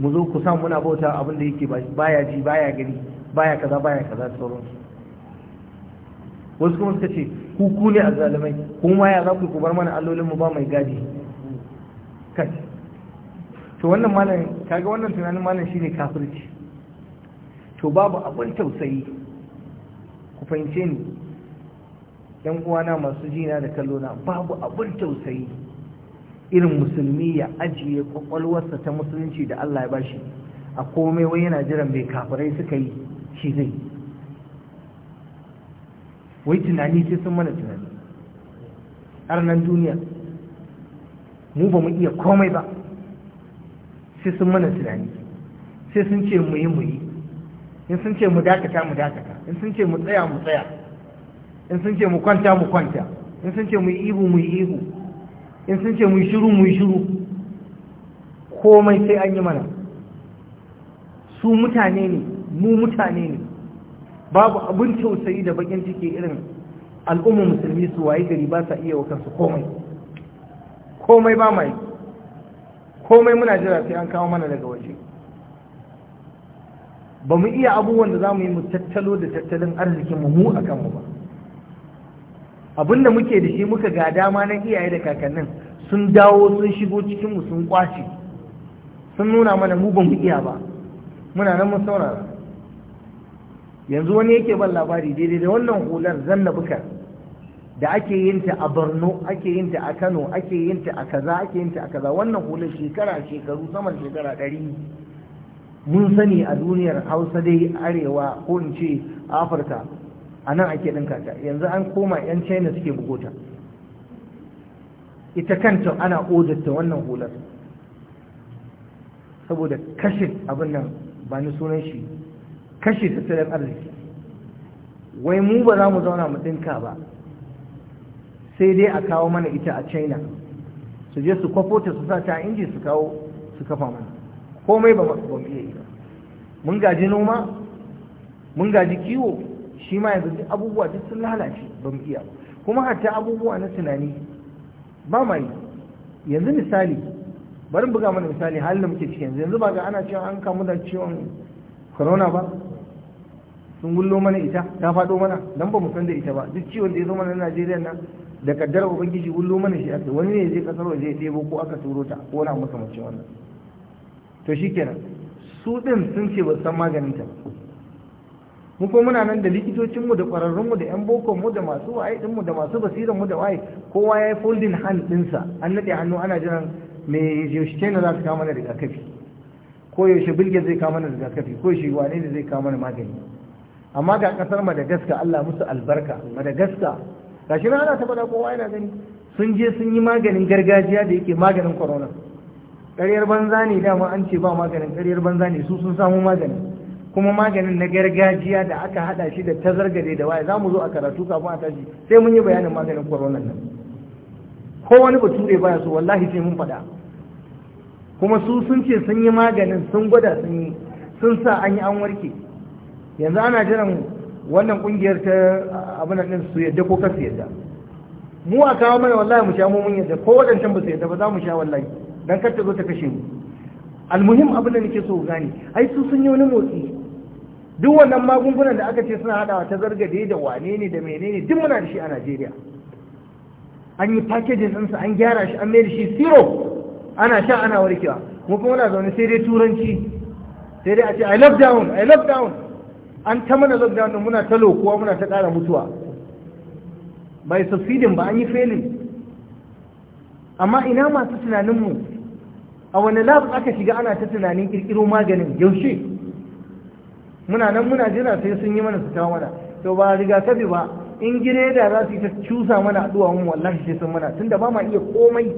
mu zo ku san muna bauta abin da yake baya ji baya gani baya kaza baya kaza sauransu wasu kuma suka ce ku ku ne a zalimai kuma ya za ku ku bar mana allolinmu ba mai gadi kai to wannan malam kaga wannan tunanin malam shine kafirci to babu abin tausayi ku fahimce ni yan uwana masu jina da kallona babu abin tausayi irin musulmi ya ajiye kwakwalwarsa ta musulunci da Allah ya bashi a komai wai yana jiran bai kafirai suka yi shi zai wai tunani sai sun mana tunani nan duniya mu ba mu iya komai ba sai sun mana tunani sai sun ce mu yi mu yi in sun ce mu dakata mu dakata in sun ce mu tsaya mu tsaya in sun ce mu kwanta mu kwanta in sun ce mu yi ihu mu yi ihu in sun ce mu shiru mu shiru komai sai an yi mana su mutane ne mu mutane ne babu abin tausayi da bakin ciki irin al'umma musulmi su waye gari ba sa iya wa kansu komai komai ba mai komai muna jira sai an kawo mana daga waje ba mu iya abubuwan da za mu yi mu tattalo da tattalin arzikinmu mu a kanmu ba abinda muke da shi muka ga dama na iyaye da kakannin sun dawo sun shigo cikinmu sun kwace sun nuna mana mu ba mu iya ba muna nan mu saurara yanzu wani yake ban labari daidai da wannan hular zanna bukar da ake yin ta a borno ake yin ta a kano ake yin ta a kaza ake yin ta a kaza wannan hular shekara shekaru saman shekara ɗari mun sani a duniyar hausa dai arewa ko in ce afirka a nan ake ɗinka ta yanzu an koma 'yan china suke bugota ita kanta ana odarta wannan hular saboda kashin abin nan ba ni sunan shi kashe tattalin arziki wai mu ba za mu zauna mu ɗinka ba sai dai a kawo mana ita a china su je su kwafo ta su sa ta inji su kawo su kafa mana komai ba mu iya yi ba mun gaji noma mun gaji kiwo shi ma yanzu abubuwa duk sun lalace ba mu iya kuma hatta abubuwa na tunani ba ma yanzu misali bari buga mana misali halin da muke ciki yanzu yanzu ba ga ana cewa an kamu da ciwon corona ba sun gullo mana ita ta faɗo mana dan ba mu san da ita ba duk ciwon da ya zo mana na Najeriya na, da kaddar ubangiji gullo mana shi aka wani ne zai kasar waje ya ɗebo ko aka turo ta ko na musamman mace wannan to shikenan su din sun ce ba san maganin ta ba mu ko muna nan da likitocinmu da ƙwararrunmu da 'yan bokonmu da masu mu da masu mu da waye kowa ya yi folding hand dinsa. an naɗe hannu ana jiran me yaushe kenan za su kawo mana rigakafi ko yaushe bilge zai kawo mana rigakafi ko yaushe wane ne zai kawo mana magani amma ga ƙasar madagascar allah musu albarka madagascar gashi na ana ta faɗa kowa yana gani sun je sun yi maganin gargajiya da yake maganin corona ƙaryar banza ne dama an ce ba maganin ƙaryar banza ne su sun samu maganin kuma maganin na gargajiya da aka hada shi da tazargade da waya za mu zo a karatu kafin a tashi sai mun yi bayanin maganin corona nan ko wani bature baya su wallahi sai mun faɗa kuma su sun ce sun yi maganin sun gwada sun yi sun sa an yi an warke yanzu ana jiran wannan kungiyar ta abin nan su yadda ko kasu yadda mu a kawo mana wallahi mu sha mu mun yadda ko wadancan ba su yadda ba za mu sha wallahi dan kar ta zo ta kashe mu almuhim abin da nake so gane ai su sun yi wani motsi duk wannan magungunan da aka ce suna hadawa ta zargade da wane ne da menene duk muna da shi a Najeriya an yi packaging ɗinsa an gyara shi an mai shi siro ana sha ana warkewa mu kuma muna zaune sai dai turanci sai dai a ce i love down i love down an ta mana lockdown din muna ta lokuwa muna ta ƙara mutuwa bai succeeding ba an yi failing amma ina masu tunaninmu a wani lab aka shiga ana ta tunanin kirkiro maganin yaushe muna nan muna jira sai sun yi mana su kawo mana to ba rigakafi ba in da za su yi ta cusa mana a mu, wallahi sai sun mana tunda ba ma iya komai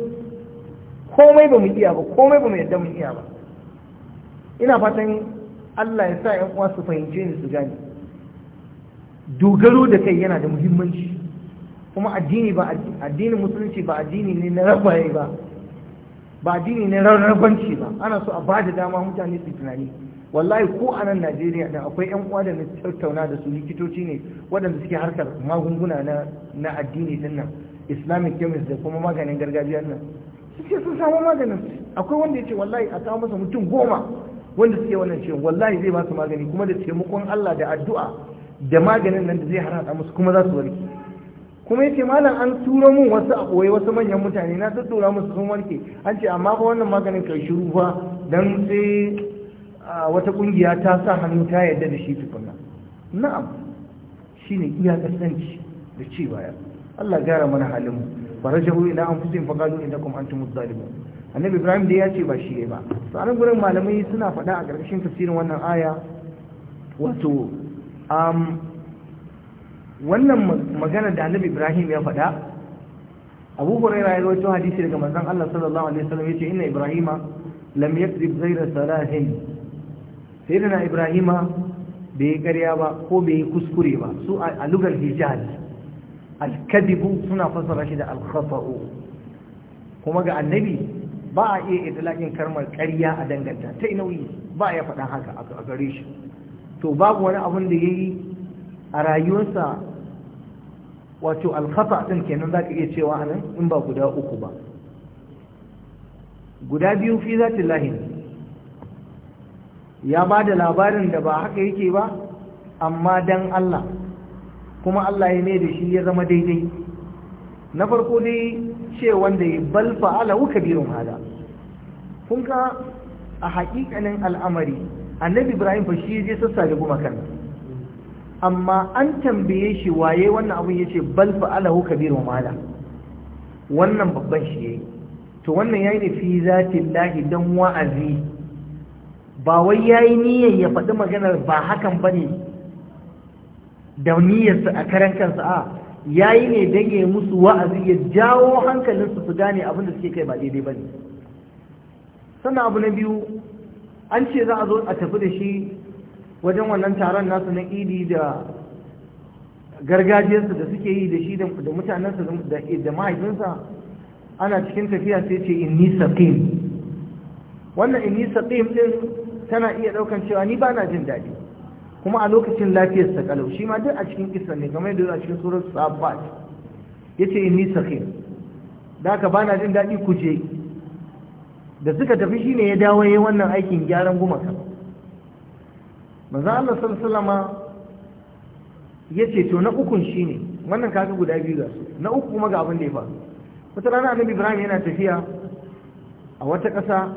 komai ba mu iya ba komai ba mu yadda mu iya ba ina fatan Allah ya sa ƴan uwa su fahimce ni su gane dogaro da kai yana da muhimmanci kuma addini ba addini musulunci ba addini ne na rabaye ba ba addini ne na rabanci ba ana so a ba da dama mutane su tunani wallahi ko a nan najeriya da akwai yan uwa da na tattauna da su likitoci ne waɗanda suke harkar magunguna na addini din nan islamic chemist da kuma maganin gargajiya nan suke sun samu maganin akwai wanda ya ce wallahi a kawo masa mutum goma wanda suke wannan ciwon wallahi zai ba su magani kuma da taimakon allah da addu'a da maganin nan da zai harata musu kuma za su warke kuma ce malam an turo mun wasu a koyi wasu manyan mutane na tattura musu sun warke an ce amma ba wannan maganin kai shiru fa dan sai wata ƙungiya ta sa hannu ta yarda da shi tukuna na'am shine iya kasanci da ci baya. Allah gara mana halin mu farajahu ila anfusihim faqalu innakum antumuz zalimun annabi ibrahim da ya ce ba shi ba to anan gurin malamai suna faɗa a ƙarƙashin tafsirin wannan aya wato um wannan magana da annabi ibrahim ya faɗa abu hurairah ya rawaito hadisi daga manzon Allah sallallahu alaihi wasallam yace inna ibrahima lam yakzib ghayra salahin sai da na ibrahima bai yi karya ba ko bai yi kuskure ba su a lugar hijaz alkadibu suna fasara shi da alkhafa'u kuma ga annabi ba a iya idalakin karmar karya a danganta ta inauyi ba a ya faɗa haka a gare shi to babu wani abin da ya yi a rayuwarsa wato alkhata ɗin kenan za ka iya cewa anan in ba guda uku ba guda biyu fi ta lahini ya ba da labarin da ba haka yake ba amma dan Allah kuma Allah ya ne da shi ya zama daidai na farko dai ce wanda ya bal fa'ala wuka birin hada kun ka a haƙiƙanin al'amari annabi ibrahim fa shi je sassa da kan? amma an tambaye shi waye wannan abin ya ce bal fa'ala wuka birin hada wannan babban shi ya yi to wannan ya yi ne fi zatin lahi don wa'azi ba wai ya yi niyyar ya faɗi maganar ba hakan ba ne. da niyarsa a karan kansa a yi ne dan ya musu wa'azi ya jawo hankalinsu su gane abin da suke kai ba daidai ba ne. sannan abu na biyu an ce za a zo a tafi da shi wajen wannan taron nasu na idi da gargajiyarsa da suke yi da shi da mutanensa da mahaifinsa ana cikin tafiya sai ce inni saqim wannan inni saqim ɗin tana iya ɗaukan cewa ni ba na jin daɗi kuma a lokacin lafiyar sa kalau shi ma duk a cikin kisa ne kamar yadda a cikin surar Ya yace ni sakhir da haka ba na jin daɗi ku je da suka tafi shine ya dawo yayin wannan aikin gyaran gumaka manzo Allah sallallahu alaihi wasallama yace to na ukun shine wannan kaga guda biyu ga su na uku kuma ga abin da ya faru wata rana annabi Ibrahim yana tafiya a wata ƙasa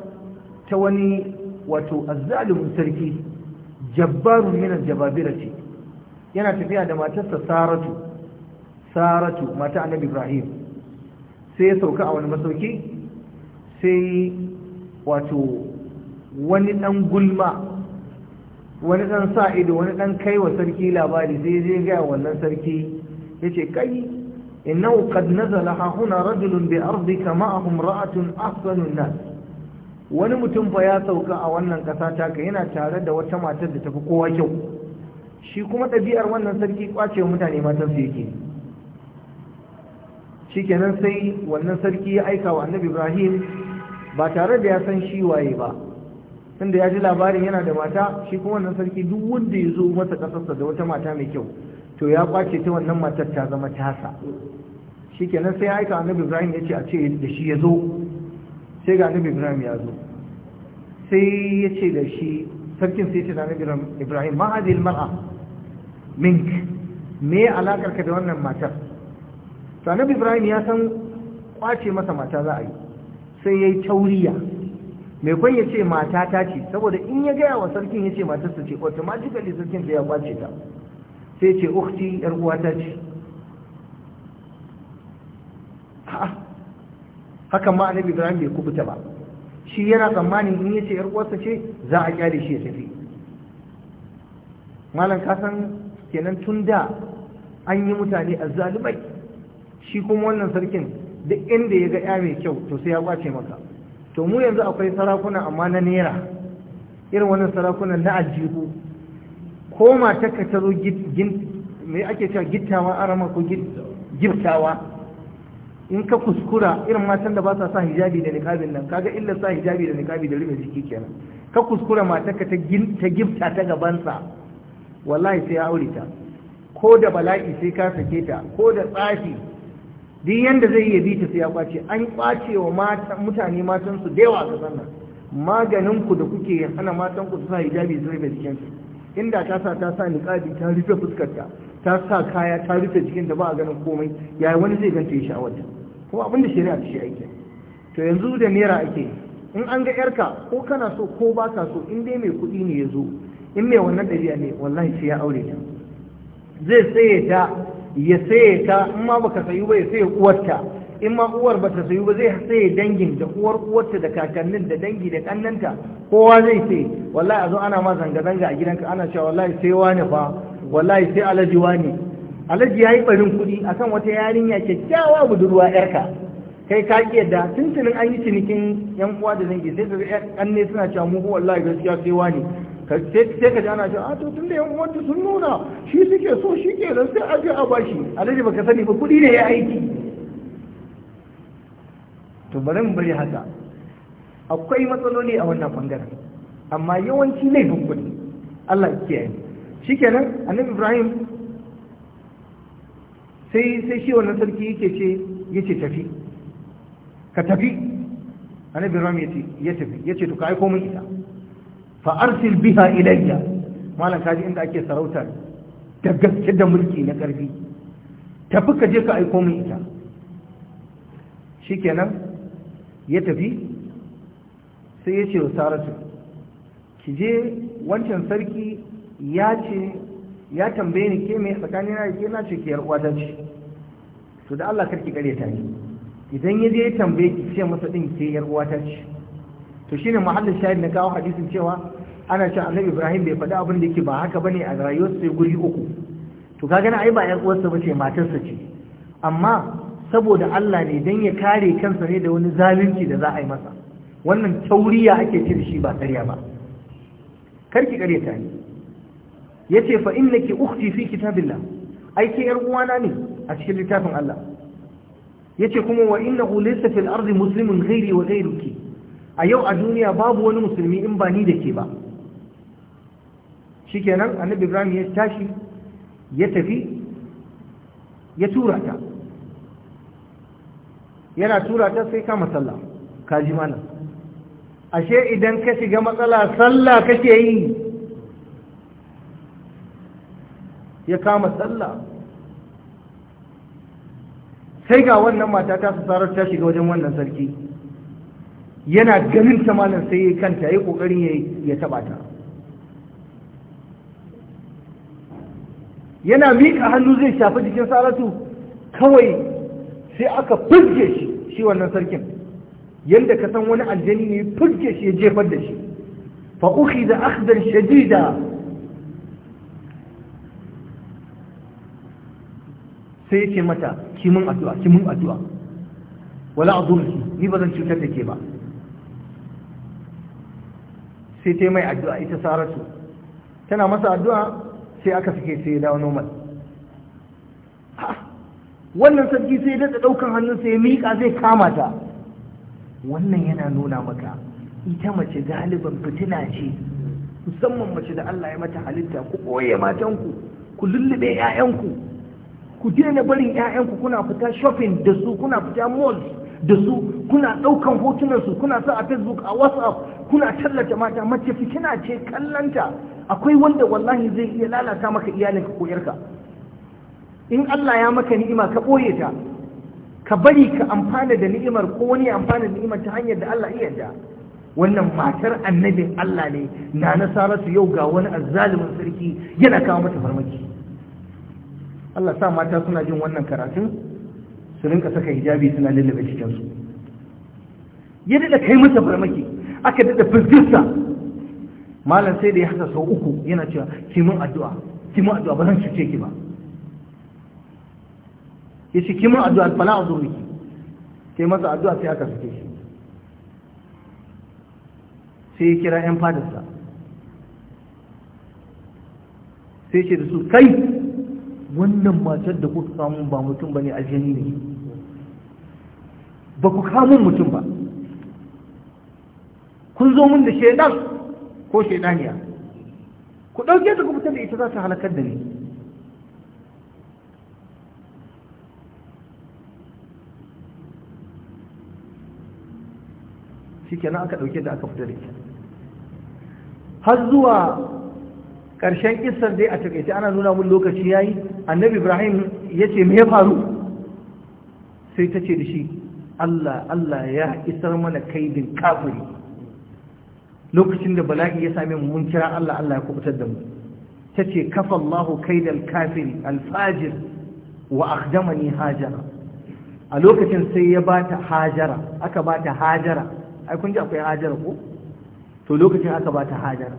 ta wani wato azzalimin sarki jabbarun yana jababira ce yana tafiya da matarsa saratu saratu mata annabi ibrahim sai ya sauka a wani masauki sai wato wani dan gulma wani dan sa ido wani dan kai wa sarki labari sai je gaya wannan sarki Ya ce, kai innahu qad nazala hahuna rajulun bi ardika ma'ahum ra'atun ahsanun nas wani mutum fa ya sauka a wannan ƙasa taka yana tare da wata matar da tafi kowa kyau shi kuma ɗabi'ar wannan sarki ƙwacewa mutane matar su yake shikenan sai wannan sarki ya aika wa annabi ibrahim ba tare da ya san shi waye ba tunda ya ji labarin yana da mata shi kuma wannan sarki duk wanda ya zo masa ƙasarsa da wata mata mai kyau to ya ƙwace ta wannan matar ta zama tasa shikenan sai ya aika annabi ibrahim ya ce a ce da shi ya zo sai ga annabi ibrahim ya zo sai ya ce da shi sarkin sai ce da annabi ibrahim ma hadhihi mink me alakar da wannan matar to annabi ibrahim ya san kwace masa mata za a yi sai yayi tauriya mai kwan ya ce mata ta ce saboda in ya gaya wa sarkin ya ce su ce automatically sarkin sai ya kwace ta sai ce ukhti yar uwata ce hakan ma annabi ibrahim bai kubuta ba shi yana tsammanin in yace yar uwarsa ce za a kyale shi ya tafi malam ka san kenan tun da an yi mutane azzalumai shi kuma wannan sarkin duk inda ya ga ya mai kyau to sai ya kwace maka to mu yanzu akwai sarakuna amma na nera irin wannan sarakunan na aljihu koma matarka ta mai ake cewa gittawa arama ko giftawa in ka kuskura irin matan da ba sa sa hijabi da niqabin nan kaga illa sa hijabi da niƙabi da rufe jiki kenan ka kuskura mata ka ta gifta ta gabansa wallahi sai ya aure ta ko da bala'i sai ka sake ta ko da tsafi duk yanda zai iya bita sai ya kwace an kwace wa mata mutane matan su da yawa ga sannan maganin ku da kuke hana matan ku sa hijabi da rufe jikin su inda ta sa ta sa ta rufe fuskar ta ta sa kaya ta rufe jikin da ba a ganin komai yayi wani zai ganta ya sha'awar ta kuma abinda shari'a ce ake to yanzu da naira ake in an ga yarka ko kana so ko ba ka so in dai mai kuɗi ne ya zo in mai wannan ɗariya ne wallahi sai ya aure ta zai saye ta ya saye ta in ma baka sayu ba ya saye uwarta in ma uwar ba ta sayu ba zai saye dangin da uwar uwarta da kakannin da dangi da kannanta kowa zai saye wallahi a zo ana ma zanga-zanga a gidanka ana cewa wallahi sai wani fa wallahi sai alaji ne? alhaji ya yi barin kuɗi a kan wata yarinya kyakkyawa budurwa yarka kai ka ki yadda tuntunin an yi cinikin yan uwa da zangi sai ka ga ne suna cewa mu Allah gaskiya sai wani sai ka ji ana cewa a ah, to tun da yan uwan sun nuna shi suke so shi ke nan sai aje a bashi alhaji baka sani ba kuɗi ne ya aiki to bari mu bari haka akwai matsaloli a wannan bangaren amma yawanci laifin kuɗi Allah ya kiyaye shikenan annabi Ibrahim sai sai shi wannan sarki yake ce yake tafi ka tafi annabi ram yace ya tafi yace to ka aiko mun ita fa arsil biha ilayya malan kaji inda ake sarautar da gaske da mulki na karfi tafi ka je ka aiko min ita shikenan ya tafi sai ya ce wa saratu ki je wancan sarki ya ce ya tambaye ni ke mai tsakanin na ke na ce ke yar uwata ce to da Allah karki kare ta ni idan ya je ya tambaye ki ce masa din ke yar uwata ce to shine muhallin shahid na kawo hadisin cewa ana cewa Annabi Ibrahim bai faɗi abin da yake ba haka bane a rayuwar sai guri uku to kaga na ai ba yar uwarsa ce matarsa ce amma saboda Allah ne dan ya kare kansa ne da wani zalunci da za a yi masa wannan tauriya ake ce da shi ba tsariya ba karki ƙarya ta ni Ya yace fa ke ukti fi kitabin ai aiki yar uwana ne a cikin littafin Allah Ya ce kuma wa innahu laysa fil ardi musulmin ghairi wa ghairuki a yau a duniya babu wani musulmi in ba ni da ke ba shikenan annabi Ibrahim ya tashi ya tafi ya tura ta yana tura ta sai kama sallah kaji mana ashe idan ka shiga matsala sallah kake yi ya kama tsalla. sai ga wannan mata ta su tsarar ta shiga wajen wannan sarki yana ganin ta malam sai ya kanta ya yi kokarin ya taba ta yana miƙa hannu zai shafi jikin saratu kawai sai aka fulge shi shi wannan sarkin yadda ka san wani aljani ne fulge shi ya jefar da shi fa da akhdan shadida sai yake mata ki mun addu'a ki mun addu'a wala azumki ni ba zan cutar da ke ba sai ta mai addu'a ita saratu tana masa addu'a sai aka suke sai ya dawo normal wannan sarki sai da ɗaukan hannunsa ya miƙa zai kama ta wannan yana nuna maka ita mace galiban fitina ce musamman mace da Allah ya mata halitta ku ɓoye matanku ku lullube 'ya'yanku ku daina barin 'ya'yanku kuna fita shopping da su kuna fita mall da su kuna ɗaukan hotunansu kuna sa a facebook a whatsapp kuna tallata mata mace fitina ce kallanta akwai wanda wallahi zai iya lalata maka iyalinka ko yarka in Allah ya maka ni'ima ka ɓoye ta ka bari ka amfana da ni'imar ko wani amfana da ni'imar ta hanyar da Allah iya da wannan matar annabin Allah ne na nasara su yau ga wani azzalumin sarki yana kawo mata farmaki Allah sa mata suna jin wannan karatun su rinka saka hijabi suna lullube cikinsu ya daɗa kai masa farmaki aka daɗa fuskinsa malam sai da ya haka sau uku yana cewa kimin addu'a kimin addu'a ba zan cuce ki ba ya ce kimin addu'a fala a zurri sai masa addu'a sai aka suke shi sai ya kira ‘yan fadarsa sai ce da su kai wannan matar da kuka samu ba mutum ba ne aljani ne ba ku kamun mutum ba kun zo mun da shaidan ko shaidaniya ku ɗauke ta ku fitar da ita za ta halakar da ni shi kenan aka ɗauke da aka fitar da ita har zuwa ƙarshen kissar dai a takaice ana nuna mun lokaci ya yi. annabi ibrahim ya ce me faru sai ta ce da shi allah allah ya isar mana kaidin kafiri lokacin da bala'i ya same mu mun kira allah allah ya kubutar da mu ta ce kafa allahu kaidal kafiri alfajir wa akhdamani hajara a lokacin sai ya ba ta hajara aka ba ta hajara ai kun ji akwai hajara ko to lokacin aka ba ta hajara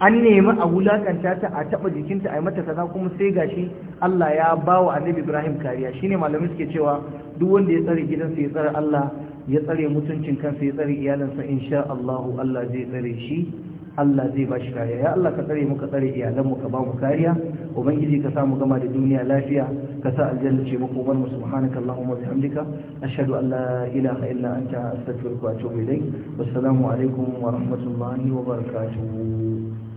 an nemi a wulakanta ta a taɓa jikinta a yi mata kaza kuma sai gashi Allah ya ba wa annabi Ibrahim kariya shine malamai suke cewa duk wanda ya tsare gidansa ya tsare Allah ya tsare mutuncin kansa ya tsare iyalansa insha Allah Allah zai tsare shi Allah zai ba shi kariya ya Allah ka tsare mu ka tsare iyalan mu ka ba mu kariya ubangiji ka samu gama da duniya lafiya ka sa aljanna ce muku bar mu subhanaka allahumma wa bihamdika ashhadu an la ilaha illa anta astaghfiruka wa atubu ilaik wassalamu alaikum wa rahmatullahi wa barakatuh